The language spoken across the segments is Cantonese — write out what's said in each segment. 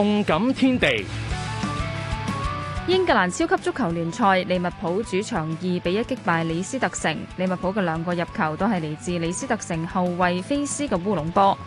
動感天地，英格蘭超級足球聯賽，利物浦主場二比一擊敗李斯特城，利物浦嘅兩個入球都係嚟自李斯特城後衛菲斯嘅烏龍波。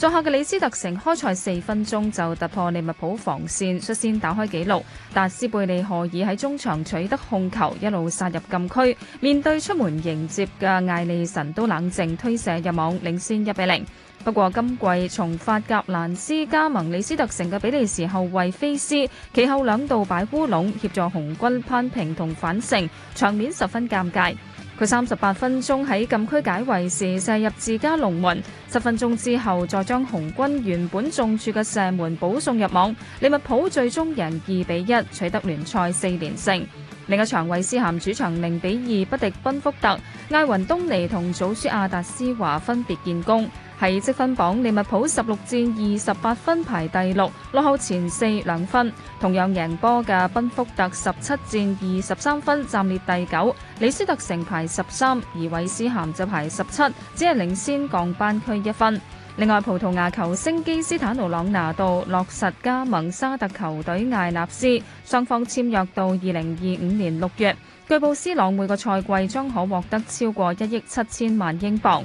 作客嘅李斯特城開賽四分鐘就突破利物浦防線，率先打開紀錄。達斯貝利賀爾喺中場取得控球，一路殺入禁區，面對出門迎接嘅艾利臣都冷靜推射入網，領先一比零。不過今季從法甲蘭斯加盟李斯特城嘅比利時後衛菲斯，其後兩度擺烏龍，協助紅軍扳平同反勝，場面十分尷尬。佢三十八分鐘喺禁區解圍時射入自家龍門，十分鐘之後再將紅軍原本中柱嘅射門補送入網。利物浦最終贏二比一，取得聯賽四連勝。另一場韋斯咸主場零比二不敵賓福特，艾雲東尼同祖舒亞達斯華分別建功。喺積分榜，利物浦十六戰二十八分排第六，落後前四兩分。同樣贏波嘅賓福特十七戰二十三分，暫列第九。李斯特城排十三，而韋斯咸就排十七，只係領先降班區一分。另外，葡萄牙球星基斯坦奴朗拿度落實加盟沙特球隊艾納斯，雙方簽約到二零二五年六月。據報，斯朗每個賽季將可獲得超過一億七千萬英鎊。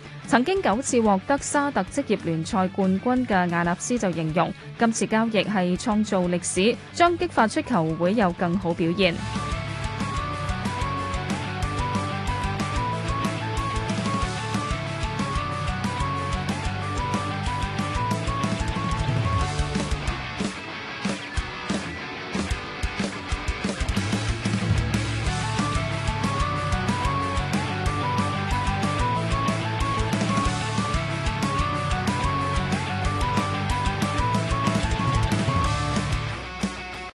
曾經九次獲得沙特職業聯賽冠軍嘅亞納斯就形容，今次交易係創造歷史，將激發出球會有更好表現。